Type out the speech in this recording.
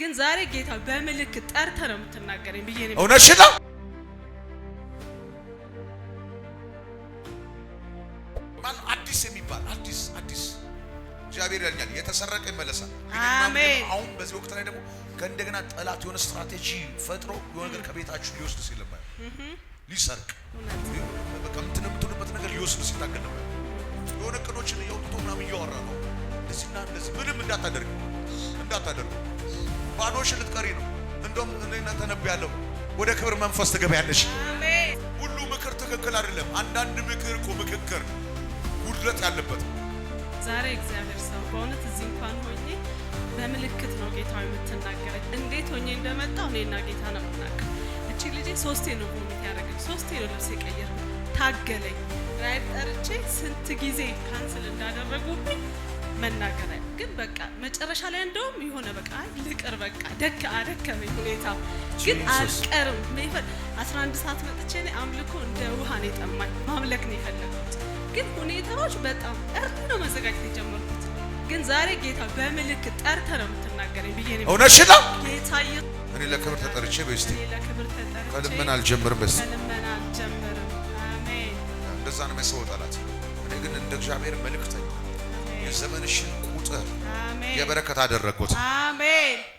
ግን ዛሬ ጌታ በምልክት ጠርተ ነው የምትናገረኝ ብዬ ነው። እውነትሽ ነው። አዲስ የሚባል አዲስ አዲስ እግዚአብሔር ያልኛል የተሰረቀ ይመለሳል። አሜን። አሁን በዚህ ወቅት ላይ ደግሞ ከእንደገና ጠላት የሆነ ስትራቴጂ ፈጥሮ የሆነ ነገር ከቤታችሁ ሊወስድ ሲል ነበር፣ ሊሰርቅ በቃ እንትን ነገር ሊወስድ ሲታገል ነበር። የሆነ ቅዶችን እያወጡቶ ምናምን እያወራ ነው። እንደዚህና እንደዚህ ምንም እንዳታደርግ እንዳታደርግ ባዶሽ ልትቀሪ ነው። እንደውም እኔ ተነብያለሁ፣ ወደ ክብር መንፈስ ትገቢያለሽ። ሁሉ ምክር ትክክል አይደለም። አንዳንድ ምክር እኮ ምክክር ጉድለት ያለበት ዛሬ እግዚአብሔር ሰው በእውነት እዚህ እንኳን ሆኜ በምልክት ነው ጌታ የምትናገረኝ። እንዴት ሆኜ እንደመጣው እኔና ጌታ ነው የምናውቀው። እቺ ልጄ ሶስቴ ነው ጉሚት ያደረገኝ፣ ሶስቴ ነው ልብስ የቀየር ታገለኝ። ራይድ ጠርቼ ስንት ጊዜ ካንስል እንዳደረጉብኝ መናገር ግን በቃ መጨረሻ ላይ እንደውም የሆነ በቃ ልቅር በቃ ደክ አደከመኝ ሁኔታ ግን አልቀርም። አስራ አንድ ሰዓት መጥቼ እኔ አምልኮ እንደ ውሃ ነው የጠማኝ። ማምለክ ነው የፈለጉት ግን ሁኔታዎች በጣም እርድ ነው መዘጋጀት የጀመርኩት። ግን ዛሬ ጌታ በምልክት ጠርተ ነው የምትናገረኝ ብዬ ነው እውነሽ ነው ጌታ። እኔ ለክብር ተጠርቼ በስቲ ከልመና አልጀምርም በስቲ ከልመና አልጀምርም። አሜን። እንደዛ ነው መሰወጣላት። እኔ ግን እንደ እግዚአብሔር መልእክተኛ የዘመንሽን በቁጥር የበረከት አደረግኩት። አሜን።